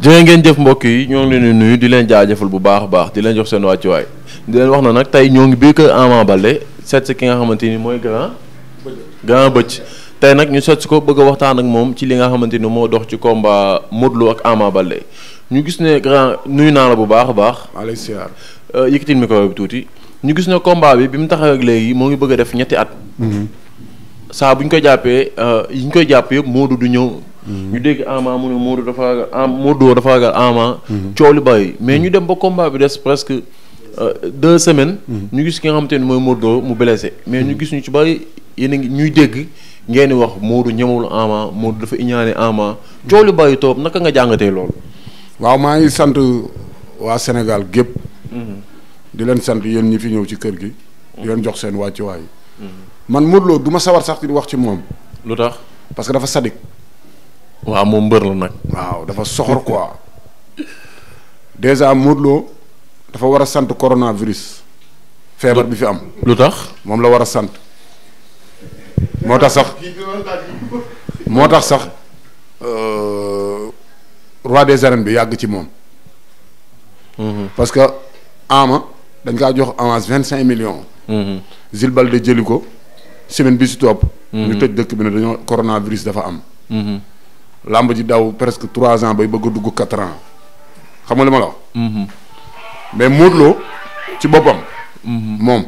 jërë ngeen jëf mbokk yi ñoo ngi leen di nuyu di leen jaajëfal bu baax baax di leen jox seen wàccuwaay di leen wax na nag tey ñoo ngi biir kër Ama Baldé seet si ki nga xamante ni mooy grand. grand bëcc tey nag ñu seet si ko bëgg a waxtaan ak moom ci li nga xamante ni moo dox ci combat Modou ak Ama bale ñu gis ne grand nuyu naa la bu baax a baax. maaleykum salaam euh, yëkkatil micro tuuti. ñu gis ne combat bi bi mu taxaw ak léegi moo ngi bëgg a def ñetti at. Mhm. saa bu ñu ko jàppee euh, yi ñu koy jàpp yëpp Modou du ñëw. ñu dégg Ama mu ne Modou dafa ragal Ama dafa ragal Ama. Mm-hmm. coow li bari mais ñu mm-hmm. dem ba combat bi des presque euh, deux semaine mm-hmm. ñu gis ki nga xamante ni mooy Modou mu blessé mais ñu gis ñu ci bari yéen a ngi ñuy dégg ngeen di wax Modou ñemewul Ama Modou dafa iñaane Ama coow li bari trop naka nga jàngatee loolu. waaw maa ngi sant waa Sénégal gépp di leen sant yéen ñi fi ñëw ci kër gi. di leen jox seen wàccuwaay. man Modou Lo du ma sawar sax di wax ci moom. lu tax parce que dafa sadik. waaw moom mbër la nag. waaw dafa soxor quoi dèjà Modou Lo dafa war a sant coronavirus. feebar bi fi am. lu tax moom la war a sant. moo tax sax moo tax sax euh, roi des arènes bi yàgg ci moom. Mhm. parce que Ama dañ kaa jox avance vingt cinq millions. Zil mhm. Balde jëli ko semaine bi si topp. ñu mhm. tëj dëkk bi ne dañoo coronavirus dafa am. làmb ji daw presque trois ans bay bëgg a dugg quatre ans xam nga li ma la wax. Mhm. mais Modou ci boppam. Mhm. moom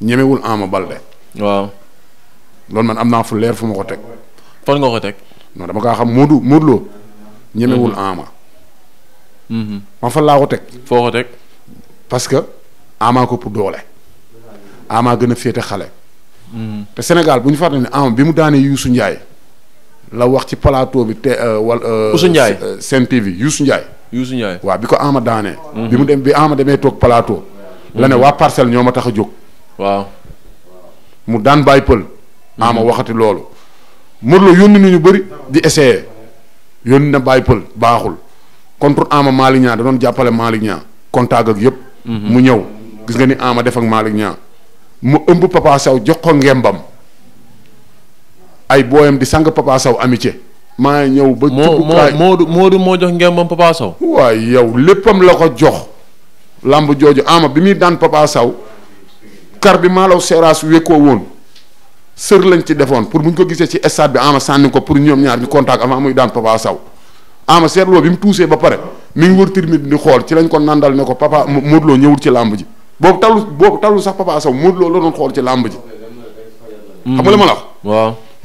ñemewul Ama Baldé. waaw. loolu man am naa fu leer fu ma ko teg. fan nga ko teg. non dama kaa xam Modou Modou Lo. ñemewul mhm. Ama. ma fan laa ko teg. foo ko teg. parce que Ama ko pour doole. Ama gën a féete xale. te Sénégal bu ñu fàttali ne Ama bi mu daanee Youssou Ndiaye. la wax ci palaato bi te euh, wala. Euh, Ousseynou Ndiaye euh, Sen TV Youssou Ndiaye. Youssou bi ko Ama daanee. Mhm. bi mu dem bi Ama demee toog palaato la mhm. ne waa parcelle ñoo ma tax a jóg. waaw. mu daan bàyyi pël. Mhm. Ama waxati loolu. Modou Lo yónni na ñu bëri di essayer yónni na bàyyi pël baaxul contre Ama Malick Niang doon jàppale Malick Niang contact ak yépp mu ñëw gis nga ni Ama def ak Malick mu ëmb Papa Sow jox ko ngembam. ay booyam di sang Papa Sow amitié. maa ñëw ba. cukkukaay moo moo Moodu moo jox ngembam Papa Sow. waaye yow léppam la ko jox. làmb jooju ama bi muy daan Papa saw kar bi maalaw seeraas wékkoo woon sër lañ ci defoon pour bu ñu ko gisee ci stade bi ama sànni ko pour ñoom ñaar ñu contact avant muy daan Papa saw ama seetloo bi mu tuusee ba pare mi ngi wër tirmit di xool ci lañ ko nandal ne ko papa Modou Lo ñëwul ci làmb ji boobu tallu boobu tallu sax Papa Sow Modou Lo ci làmb ji. Hmm.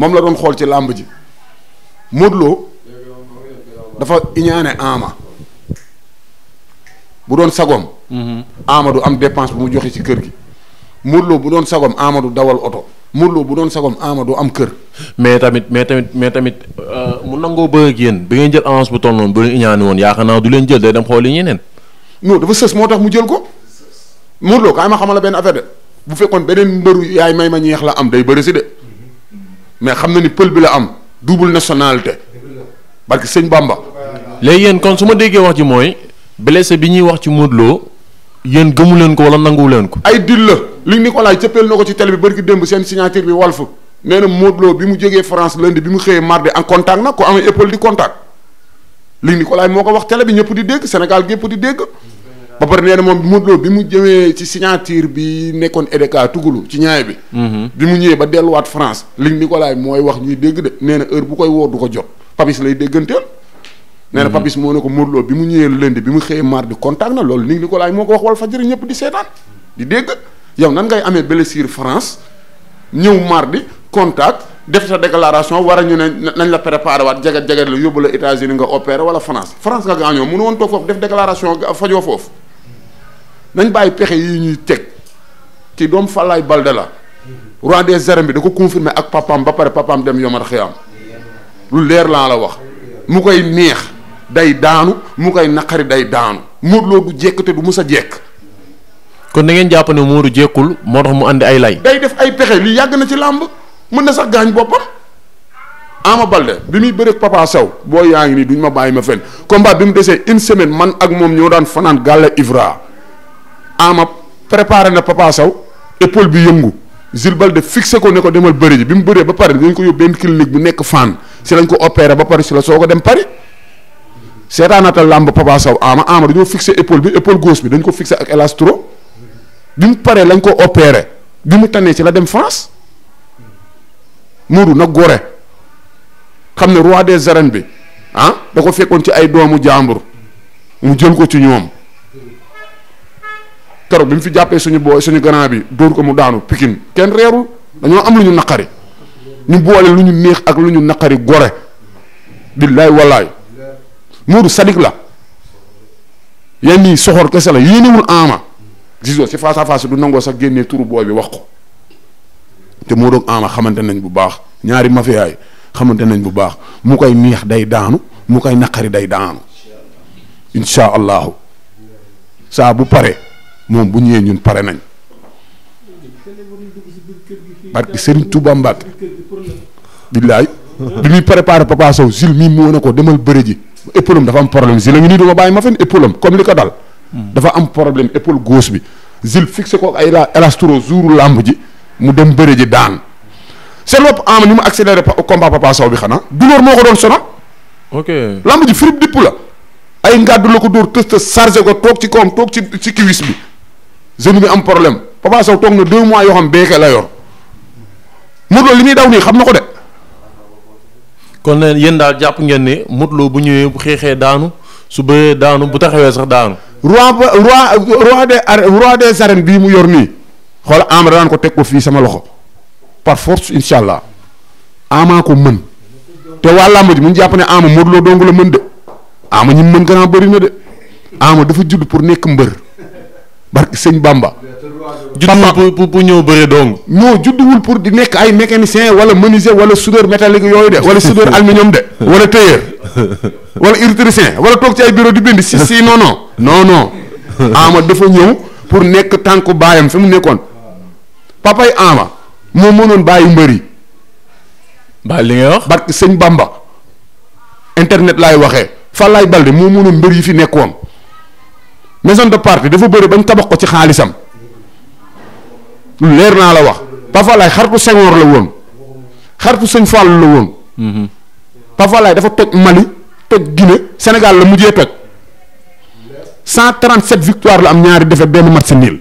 moom la doon xool ci làmb ji Modou Lo dafa iñaane Ama bu doon sagoom mhm. Ama du am dépense bu mu joxe ci kër gi Modou bu doon sagoom Ama du dawal oto Modou bu doon sagoom Ama du am kër mais tamit mais tamit mais tamit euh, mu nangoo bëgg ak yéen bi ngeen jël avance bu toll noonu bu leen iñaane woon yaakaar naa du leen jël day dem xool yi ñeneen non dafa sës moo tax mu jël ko Modou Lo kaay ma xamal la benn affaire de bu fekkoon beneen mbëru yaay may ma ñeex la am day bëri si mais xam na ni pël bi la am double nationalité barke sëñ Bamba. léegi yéen kon su ma déggee wax ji mooy blessé bi ñuy wax ci Modou Lo yéen gëmu leen ko wala nanguwu leen ko. ay dil la li Nicolas cëppeel na ko ci télé bi bërki démb seen signature bi Walf nee na Modou Lo bi mu jógee France lundi bi mu xëyee mardi en contact na ko amee épaule di contact li Nicolas moo ko wax télé bi ñëpp di dégg Sénégal gépp di dégg. ba pare nee moom Modou bi mu jëwee ci signature bi nekkoon EDK tugulu ci ñaay bi. Mhm. bi mu ñëwee ba delluwaat France Luc Nicolaï mooy wax ñuy dégg de nee na heure bu koy woo du ko jot Papis lay dégganteel. nee na mhm. Papis moo ne ko Modou Lo bi mu ñëwee lundi bi mu xëyee mardi contact na loolu Luc Nicolaï moo ko wax Walfadjri ñëpp di seetaan di dégg yow nan ngay amee blessure France ñëw mardi contact. def sa déclaration war a ñu ne nañ la préparé waat jagat jagat la yóbbu la États-Unis wala France France nga gaañoo mënu woon toog foofu def déclaration fajoo foofu nañ bàyyi pexe yi ñuy teg kii doom Falaay Balde la roi des arènes bi da ko confirmé ak papam ba pare papam dem yomar xiyam lu leer laa la wax mu koy neex day daanu mu koy naqari day daanu Modou Lo du jekk te du mus a jekk. kon da ngeen jàpp ne Modou jekkul moo tax mu andi ay lay. day def ay pexe li yàgg na ci làmb mën na sax gaañ boppam. Ama Balde bi muy bëreeg Papa Sow boo yaa ngi nii duñ ma bàyyi ma fen combat bi mu desee une semaine man ak moom ñoo daan fanaan gàlla Ivra. ama préparé na Papa Sow bi yëngu Jules Balde fixé ko ne ko demal bëri ji bi mu bëree ba pare dañ ko yóbbu benn clinique bu nekk Fann si lañ ko opéré ba pare si la soo ko dem Paris seetaanatal làmb Papa Sow ama ama dañoo fixé épole bi épaule gauche bi dañ ko fixé ak élastro bi mu paree lañ ko opeere bi mu tànnee ci la dem France Modou nag gore xam ne roi des arènes bi ah da ko fekkoon ci ay doomu jàmbur mu jël ko ci ñoom. keroog bi mu fi jàppee suñu booy suñu grand bi dóor ko mu daanu pikin kenn reerul dañoo am lu ñu naqari ñu boole lu ñu neex ak lu ñu naqari gore billaay wallaay Modou Sadik la yenn soxor kese la yéenewul Ama gisoo ci face à face du nangoo sax génnee turu booy bi wax ko te Modou ak Ama xamante nañ bu baax ñaari mafia yi xamante nañ bu baax mu koy neex day daanu mu koy naqari day daanu incha allahu saa bu pare moom bu ñëwee ñun pare nañ barki Serigne Touba Mbacke billaay bi muy préparé Papa Sow Jules mii mu wone ko demal bëre ji épaule dafa am problème Jules a ngi nii duma bàyyi ma fen épaule comme li ko dal dafa am problème épaule gauche bi Jules fixé ko ay elastro jouru làmb ji mu dem bëre ji daan seen bopp ni mu accéléré combat Papa Sow bi xanaa douleur moo ko doon sonal ok làmb ji firib dipp la ay ngàddu la ko dóor tës tës ko toog ci kawam toog ci ci bi jeune bi am problème Papa Sow toog na deux mois yoo xam béykat la yor Modou li muy daw nii xam na ko de. kon nag yéen daal jàpp ngeen ne Modou bu ñëwee bu xeexee daanu su bëree daanu bu taxawee sax daanu. roi ba roi roi des roi des arènes bii mu yor nii xool Ama daan ko teg ko fii sama loxo par force incha allah Ama ko mën te waa làmb ji mu jàpp ne Ama Modou Lo dong la mën de Ama ñi mën gën a de Ama dafa judd pour nekk mbër. barke sëñ Bamba. judduwul pour pour ñëw bëre dong. non judduwul pour di nekk ay mécanicien wala menuisier wala soudeur métallique yooyu de wala soudeur aluminium de. wala tailleur wala électricien wala toog ci ay bureau di bind si si non non. non dafa ñëw pour nekk tànku baayam fi mu nekkoon papay Ama moo mënoon bàyyi mbër yi ba li ngay wax. barke sëñ Bamba internet laay waxee. Falaay Balde moo mënoon mbër yi fi nekkoon. maison de parti dafa bëri bañ tabax ko ci xaalisam leer naa la wax Pafalaay xaritu Senghor la woon xaritu Sëñ Fall la woon. Mhm. Pafalaay dafa toj Mali toj Guinée Sénégal la mujjee toj 137 victoire la am ñaari defet benn match nul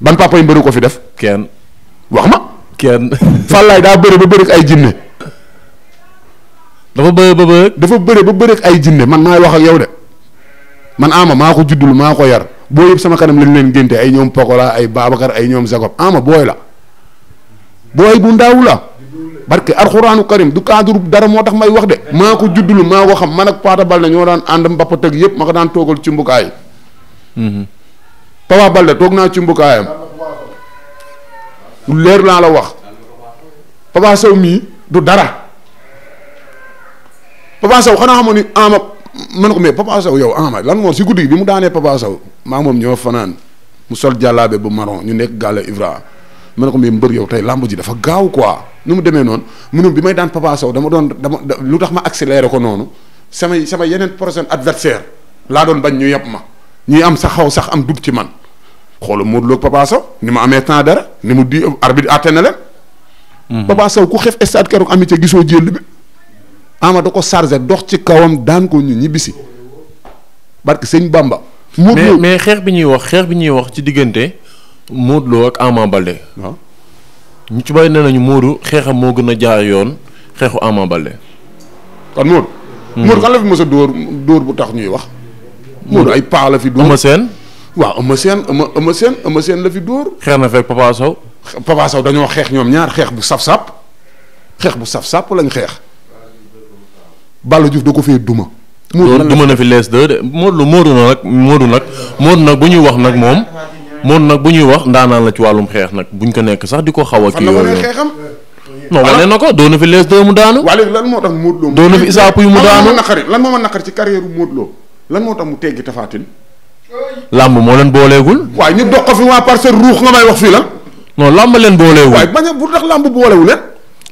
ban papa yi mbëri ko fi def. kenn wax ma. kenn Fallaay daa bëri ba bëri ay jinne dafa bëri ba bëri. dafa bëri ba bëri ay jinne man maay wax ak yow de. man ama maa ko juddul maa ko yar boo yëpp sama kanam lañ leen génte ay ñoom Pokola ay Babacar ay ñoom Jacob ama booy la booy bu ndaw la barke alxuraanu karim du cadre dara moo tax may wax de maa ko juddul maa ko xam man ak Paata Balde ñoo daan ànd mbappat ak yëpp ma ko daan toogal ci mbukaay mhm. Balde toog naa ci mbukaayam lu leer laa la wax Papa Sow mii du dara Papa Sow xanaa xamoon man ko mais Papa Sow yow ah ma lan moo si guddi gi bi mu daanee Papa Sow maa moom ñoo fanaan mu sol jàllaabe bu marron ñu nekk gàlla Ibra man ko mais mbër yow tey làmb dafa gaaw quoi nu mu demee noonu munum bi may daan Papa Sow dama doon dama lu tax ma accéléré ko noonu samay sama yeneen prochain adversaire laa doon bañ ñu yab ma ñuy am sa xaw sax am dut ci man xoolu mu Lo ak ni ma amee temps dara ni mu di arbitre àtte na leen mhm. Papa Sow ku xef stade keroog amitié gisoo jël bi ama da ko chargé dox ci kawam daan ko ñu ñibbisi barke sëñ Bamba. mais mais xeex bi ñuy wax xeex bi ñuy wax ci diggante Modou Lo ak Ama Baldé. waaw ñu ci bàyyi ne nañu Modou xeexam moo gën a jaar yoon xeexu Ama Baldé. kon Modou. Hmm. Modou kan la fi mos a dóor dóor bu tax ñuy wax. Modou ay paa la fi dóor Eumeu Sène. waaw Eumeu Sène Eumeu Sène Eumeu Sène la fi dóor. xeex na fekk Papa Sow. Papa Sow xeex ñoom ñaar xeex bu saf sàpp xeex bu saf sàpp lañ xeex. Balla Diouf da ko fee duma. Modou duma na fi lees de Modou Modou nag Modou nag Modou nag bu ñuy wax nag moom Modou nag bu ñuy wax ndaanaan la ci wàllum xeex nag buñ ko nekk sax di ko xaw a. kii yooyu non wane na ko doon na fi lees de mu daanu. waa léegi lan moo tax Modou Lo. mu daanu lan moo moo ma naqari ci carrière Modou lan moo tax mu teggi tafaatin. làmb moo leen booleegul. waaye ñu dox ko fi waa parcelle ruux nga may wax fii la. non làmb leen booleegul. waaye bañ a bu tax làmb boolewu leen.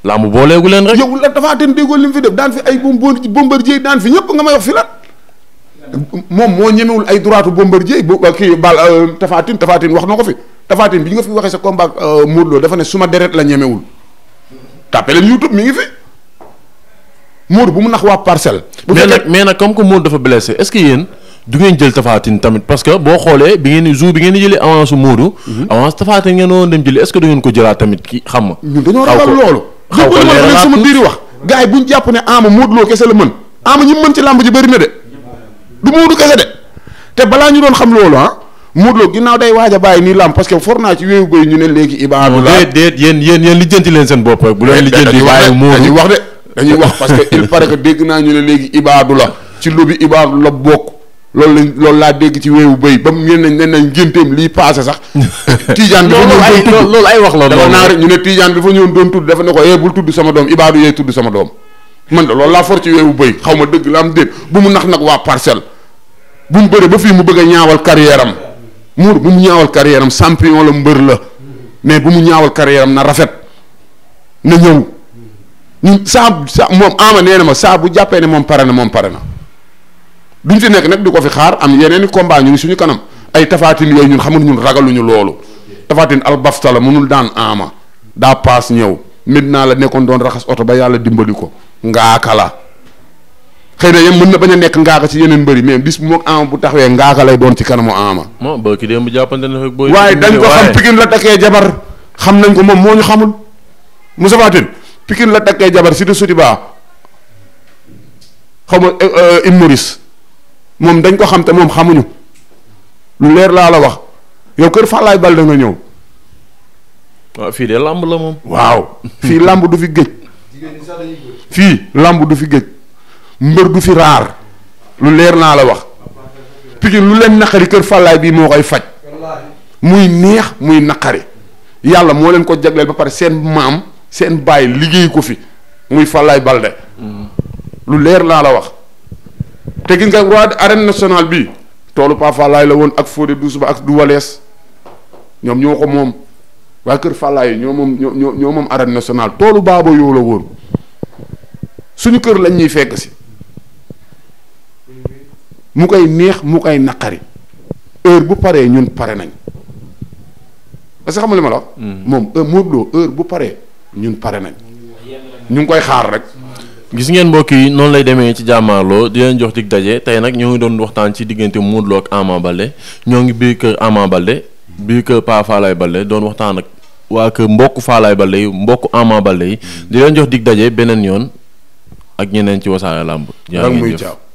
laamu booleegu leen rek. yow la dafa den déggoo li mu fi def daan fi ay bomb bombardier daan fi ñëpp nga may wax fi lan. moom moo ñemewul ay droitu bombardier bu kii bal euh, Tapha Tine Tapha Tine wax na ko fi Tapha Tine bi ñu nga fi waxee sa combat euh, Modou Lo dafa ne suma deret la ñemewul tàppe leen YouTube mi ngi fi Modou bu mu nax waa parcelle. bu mais nag mais nag comme que Modou dafa blessé est-ce que yéen du ngeen jël Tapha Tine tamit parce que boo xoolee bi ngeen jour bi ngeen di jëlee avance su Modou. Mhm. avance Tapha Tine ngeen doon dem jëli est-ce que du ngeen ko jëlaat tamit ki xam nga. ñun dañoo ragal loolu. xaw ko leeralaat sama biiri wax gars yi bu ñu jàpp ne Ama Modou Lo kese la mën Ama ñi mën ci làmb ji bëri na de du Modou kese de te balaa ñu doon xam loolu ah Modou Lo ginnaaw day waaj a bàyyi nii làmb parce que for naa ci wéewu béy ñu ne léegi Iba Abdoulaye. non déet déet yéen lijjanti leen seen bopp rek. bu leen dañuy wax de dañuy que il paraît que dégg naa ñu ne léegi Iba Abdoulaye ci lobby Iba la bokk loolu lañ loolu laa dégg ci weewu béy ba mu ngeen ne nañ ngénteem lii paase sax. Tidiane dafa ñëw doon tudd loolu ay wax la. dafa naa rek ñu ne Tidiane dafa ñëw doon tudd dafa ne ko eh bul tudd sama doom Ibadou yee tudd sama doom man de loolu laa for ci weewu béy xaw ma dëgg la am déet bu mu nax nag waa parcelle bu mu bëree ba fii mu bëgg a ñaawal carrière am muur bu mu ñaawal carrière am champion la mbër la mais bu mu ñaawal carrière am na rafet na ñëw ñun saa saa moom ama nee na ma saa bu jàppee ne moom pare na moom pare na. duñ fi nekk nag di ko fi xaar am yeneen i combat ñu ngi suñu kanam ay tafaatin yooyu ñun xamul ñun ragaluñu loolu tafaatin albafta la mënul daan ama daa paas ñëw mit naa la nekkoon doon raxas oto ba yàlla dimbali ko ngaaka la xëy na yéen mën na bañ a nekk ngaaka ci yeneen mbëri mais bis bu moog ama bu taxawee ngaaka lay doon ci kanamu ama. non boo ki na fekk booy waaye dañ ko xam pikin la takkee jabar xam nañ ko moom moo ñu xamul Moussa Fatin pikin la takkee jabar si de suti baa xaw ma euh, euh, moom dañ ko xam te moom xamuñu lu leer laa la wax yow kër Falaay Bal nga ñëw. Ah, waaw fii de làmb la moom. làmb du fi géej. fii làmb du fi géej mbër du fi raar lu leer naa la wax Pikine lu leen naqari kër Falaay bii moo koy faj muy neex muy naqari yàlla moo leen ko jagleel ba pare seen maam seen bàyyi liggéey ko fi muy Falaay Balde mm. lu leer laa la wax. te gis nga roi arène nationale bi toolu Paa Fallaay la woon ak Fodé Doussouba ak du Walees ñoom ñoo ko moom waa Kër Fallaay ñoo moom ñoo moom arène nationale toolu baaba yoo la woon suñu kër lañ ñuy fekk si mu koy neex mu koy naqari heure bu paree ñun pare nañ parce que xam ma la hmm. moom heure Modou Lo heure bu paree ñun pare nañ. ñu ngi koy xaar rek. gis ngeen mbokk yi noonu lay demee ci jàmmaarloo di leen jox dig daje tey nag ñoo ngi doon waxtaan ci diggante Modou Lo ak Ama Baldé ñoo ngi biir kër Ama Baldé biir kër Pa Falaye Baldé doon waxtaan ak waa kër mbokku Falaye Baldé yi mbokku Ama Baldé yi di leen jox dig daje beneen yoon ak ñeneen ci Wassare Lamb. yaa ngi jëf